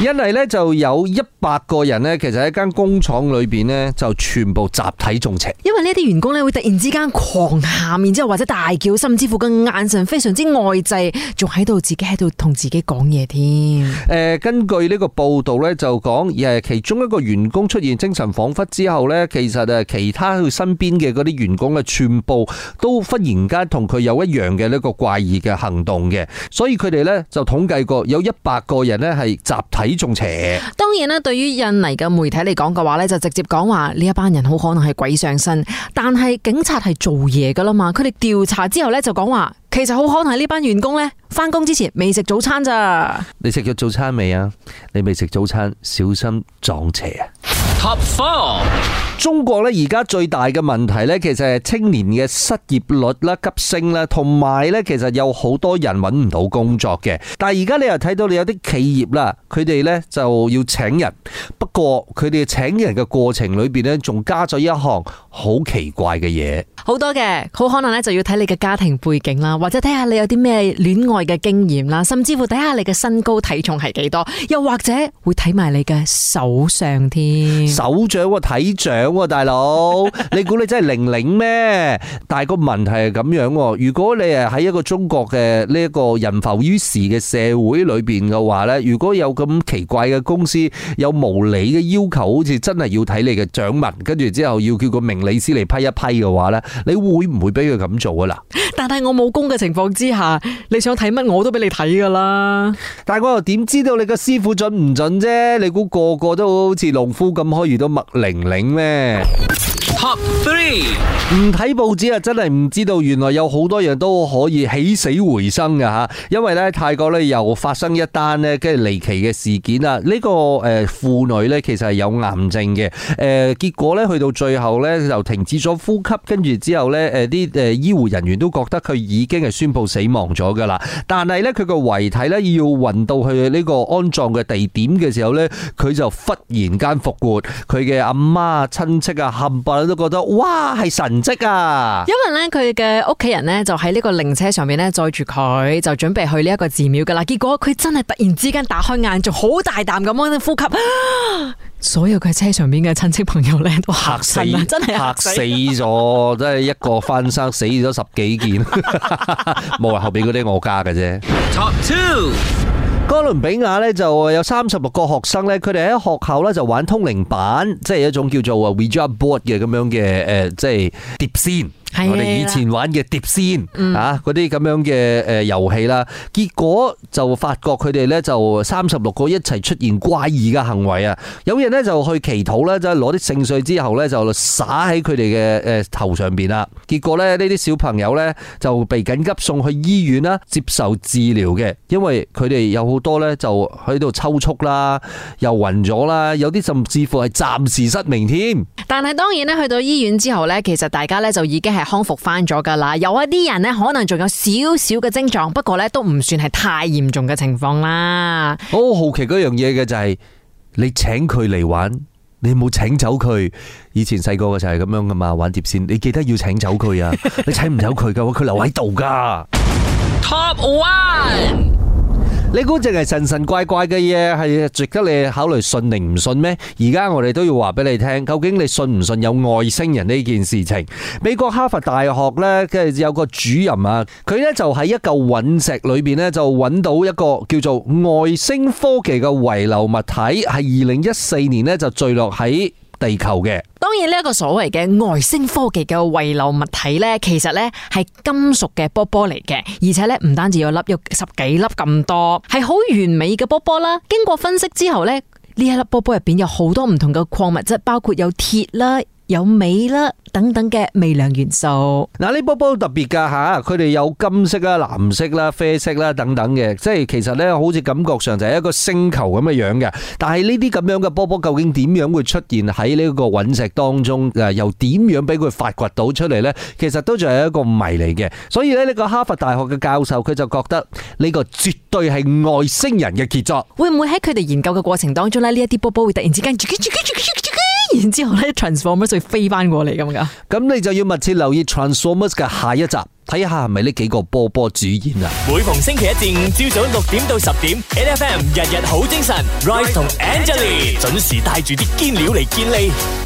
因為咧就有一百個人呢，其實喺間工廠裏邊呢就全部集體中邪，因為呢啲員工咧會突然之間狂喊，然之後或者大叫，甚至乎個眼神非常之呆滯，仲喺度自己喺度同自己講嘢添。誒，根據呢個報道咧就講，而係其中一個員工出現精神恍惚之後呢，其實誒其他佢身邊嘅啲員工嘅全部都忽然間同佢有一樣嘅呢個怪異嘅行動嘅，所以佢哋咧就統計過有一百個人呢係集體。喺，當然啦，對於印尼嘅媒體嚟講嘅話咧，就直接講話呢一班人好可能係鬼上身。但係警察係做嘢噶啦嘛，佢哋調查之後咧就講話，其實好可能係呢班員工咧，翻工之前未食早餐咋？你食咗早餐未啊？你未食早餐，小心撞邪啊！中國咧而家最大嘅問題咧，其實係青年嘅失業率啦急升啦，同埋咧其實有好多人揾唔到工作嘅。但係而家你又睇到你有啲企業啦，佢哋咧就要請人，不過佢哋請人嘅過程裏邊咧，仲加咗一項好奇怪嘅嘢。好多嘅，好可能咧就要睇你嘅家庭背景啦，或者睇下你有啲咩戀愛嘅經驗啦，甚至乎睇下你嘅身高體重係幾多，又或者會睇埋你嘅手上相添。手掌喎，睇掌、啊、大佬， 你估你真係玲玲咩？但係個問題係咁樣，如果你係喺一個中國嘅呢一個人浮於事嘅社會裏邊嘅話咧，如果有咁奇怪嘅公司有無理嘅要求，好似真係要睇你嘅掌紋，跟住之後要叫個命理師嚟批一批嘅話咧，你會唔會俾佢咁做啊？嗱，但係我冇工嘅情況之下，你想睇乜我都俾你睇噶啦。但係我又點知道你個師傅準唔準啫？你估個個都好似農夫咁開？遇到麥玲玲咩？Top three 唔睇報紙啊，真係唔知道，原來有好多樣都可以起死回生噶吓，因為咧泰國咧又發生一單咧跟住離奇嘅事件啊！呢、這個誒婦女咧其實係有癌症嘅，誒、呃、結果咧去到最後咧就停止咗呼吸，跟住之後咧誒啲誒醫護人員都覺得佢已經係宣布死亡咗噶啦，但係咧佢個遺體咧要運到去呢個安葬嘅地點嘅時候咧，佢就忽然間復活，佢嘅阿媽、親戚啊冚唪唥我都覺得哇，係神蹟啊！因為咧，佢嘅屋企人咧就喺呢個靈車上面咧載住佢，就準備去呢一個寺廟噶啦。結果佢真係突然之間打開眼，仲好大啖咁樣呼吸，啊、所有佢車上面嘅親戚朋友咧都吓死，真係吓死咗，真係一個翻生 死咗十幾件，冇話 後邊嗰啲我加嘅啫。Top Two。哥倫比亞呢就有三十六個學生呢佢哋喺學校呢就玩通靈板，即係一種叫做話 w e d r o p Board 嘅咁樣嘅誒，即係碟仙。我哋以前玩嘅碟仙、嗯、啊，啲咁樣嘅誒遊戲啦，結果就發覺佢哋咧就三十六個一齊出現怪異嘅行為啊！有人咧就去祈禱咧，就係攞啲聖水之後咧就撒喺佢哋嘅誒頭上邊啦。結果咧呢啲小朋友咧就被緊急送去醫院啦，接受治療嘅，因為佢哋有好多咧就喺度抽搐啦，又暈咗啦，有啲甚至乎係暫時失明添。但係當然咧，去到醫院之後咧，其實大家咧就已經係。康復翻咗噶啦，有一啲人咧可能仲有少少嘅症狀，不過咧都唔算係太嚴重嘅情況啦。好、oh, 好奇嗰樣嘢嘅就係、是、你請佢嚟玩，你冇請走佢。以前細個嘅就係咁樣噶嘛，玩碟線，你記得要請走佢啊， 你請唔走佢嘅話，佢留喺度噶。 Top one。你估淨係神神怪怪嘅嘢係值得你考慮信定唔信咩？而家我哋都要話俾你聽，究竟你信唔信有外星人呢件事情？美國哈佛大學呢，即係有個主任啊，佢呢就喺一嚿隕石裏邊呢，就搵到一個叫做外星科技嘅遺留物體，係二零一四年呢，就墜落喺地球嘅。當然呢一個所謂嘅外星科技嘅遺留物體呢，其實呢係金屬嘅波波嚟嘅，而且呢唔單止有粒，有十幾粒咁多，係好完美嘅波波啦。經過分析之後呢，呢一粒波波入邊有好多唔同嘅礦物質，包括有鐵啦。有美啦，等等嘅微量元素。嗱，呢波波好特別噶吓，佢哋有金色啦、藍色啦、啡色啦等等嘅，即係其實呢，好似感覺上就係一個星球咁嘅樣嘅。但係呢啲咁樣嘅波波究竟點樣會出現喺呢個隕石當中又點樣俾佢發掘到出嚟呢？其實都仲係一個謎嚟嘅。所以呢，呢個哈佛大學嘅教授佢就覺得呢個絕對係外星人嘅傑作。會唔會喺佢哋研究嘅過程當中呢？呢一啲波波會突然之間？然之後咧，transformers 會飛翻過嚟咁噶？咁你就要密切留意 transformers 嘅下一集，睇下係咪呢幾個波波主演啊！每逢星期一至五朝早六點到十點，N F M 日日好精神，Rise 同 Angelie 準時帶住啲堅料嚟見你。